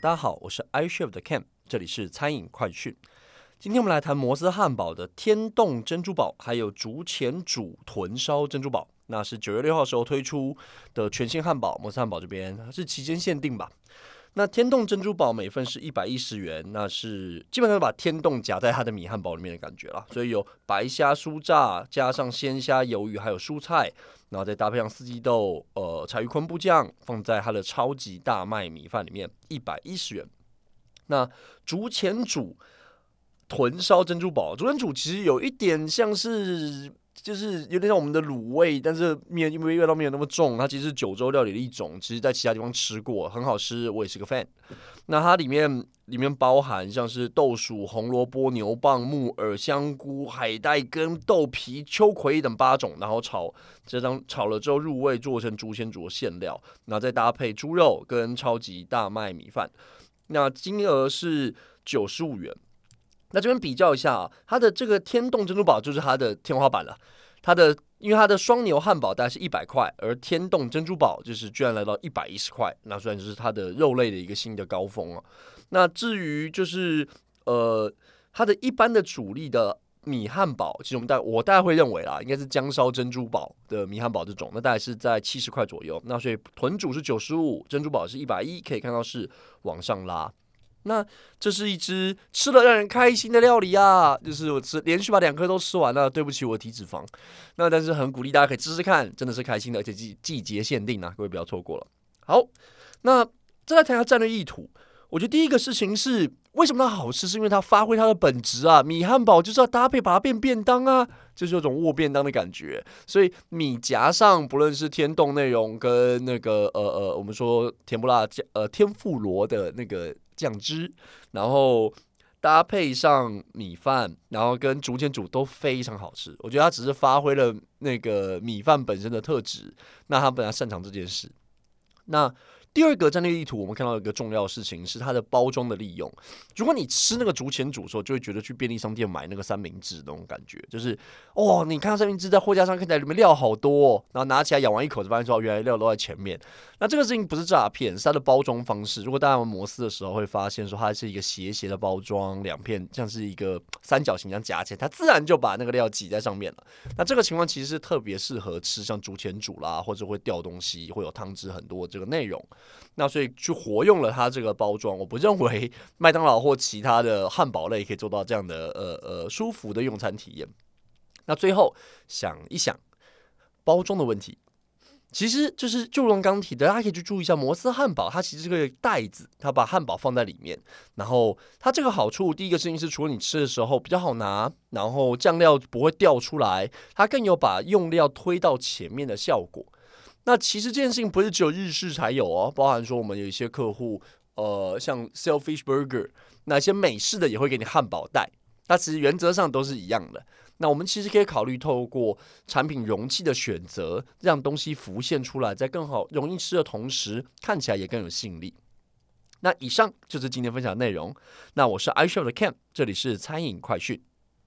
大家好，我是 iCHEF 的 Camp 這裡是餐飲快訊。今天我們來談摩斯漢堡的天丼珍珠堡，還有筑前煮豚燒珍珠堡，那是九月六號時候推出的全新漢堡。摩斯漢堡這邊是期間限定吧。那天丼珍珠堡每份是一百一十元，那是基本上把天丼夾在它的米漢堡裡面的感覺了，所以有白蝦酥炸，加上鮮蝦、魷魚，還有蔬菜，然後再搭配上四季豆，呃，柴魚昆布醬，放在它的超級大麥米飯裡面，一百一十元。那筑前煮豚燒珍珠堡，筑前煮其實有一點像是。就是有點像我們的滷味，但是面因為味道沒有那麼重。它其實是九州料理的一種，其實在其他地方吃過，很好吃，我也是個 fan。那它裡面裡面包含像是豆薯、紅蘿蔔、牛蒡、木耳、香菇、海帶跟、豆皮、秋葵等八種，然後炒，這張炒了之後入味，做成筑前煮的餡料，然後再搭配豬肉跟超級大麥米飯。那金額是九十五元。那這邊比較一下啊，它的這個天丼珍珠堡就是它的天花板了、啊。它的因為它的雙牛漢堡大概是一百塊，而天丼珍珠堡就是居然來到一百一十塊，那雖然就是它的肉類的一個新的高峰了、啊。那至於就是呃，它的一般的主力的米漢堡，其實我們大我大概會認為啦，應該是薑燒珍珠堡的米漢堡這種，那大概是在七十塊左右。那所以豚煮是九十五，珍珠堡是一百一，可以看到是往上拉。那這是一只吃了讓人開心的料理啊！就是我吃連續把兩顆都吃完了，對不起，我體脂肪。那但是很鼓勵大家可以吃吃看，真的是開心的，而且季季節限定啊，各位不要錯過了。好，那再來談一下戰略意圖。我覺得第一個事情是，為什麼它好吃？是因為它發揮它的本質啊！米漢堡就是要搭配把它變便當啊，就是有種握便當的感覺。所以米夾上不論是天丼內容跟那個呃呃，我們說甜不辣醬呃天婦羅的那個醬汁，然後搭配上米飯，然後跟筑前煮都非常好吃。我覺得它只是發揮了那個米飯本身的特質，那它本來擅長這件事。那。第二個戰略意圖，我們看到一個重要的事情是它的包裝的利用。如果你吃那個筑前煮的時候，就會覺得去便利商店買那個三明治的那種感覺，就是哦，你看到三明治在貨架上看起來裡面料好多，哦，然後拿起來咬完一口就發現說原來料都在前面。那這個事情不是詐騙，是它的包裝方式。如果大家玩摩斯的時候會發現說它是一個斜斜的包裝，兩片像是一個三角形這樣夾起來，它自然就把那個料擠在上面了。那這個情況其實是特別適合吃像筑前煮啦，或者會掉東西，會有湯汁很多這個內容。那所以就活用了它這個包裝，我不認為麥當勞或其他的漢堡類可以做到這樣的呃呃舒服的用餐體驗。那最後想一想包裝的問題，其實就是就用剛提的，大家可以去注意一下摩斯漢堡，它其實這個袋子，它把漢堡放在裡面，然後它這個好處，第一個事情是，除了你吃的時候比較好拿，然後醬料不會掉出來，它更有把用料推到前面的效果。那其實這件事情不是只有日式才有哦，包含說我們有一些客戶，呃，像 Selfish Burger，那些美式的也會給你漢堡袋，那其實原則上都是一樣的。那我們其實可以考慮透過產品容器的選擇，讓東西浮現出來，在更好容易吃的同時，看起來也更有吸引力。那以上就是今天分享的內容。那我是 iCHEF 的 Ken，這裡是餐飲快訊。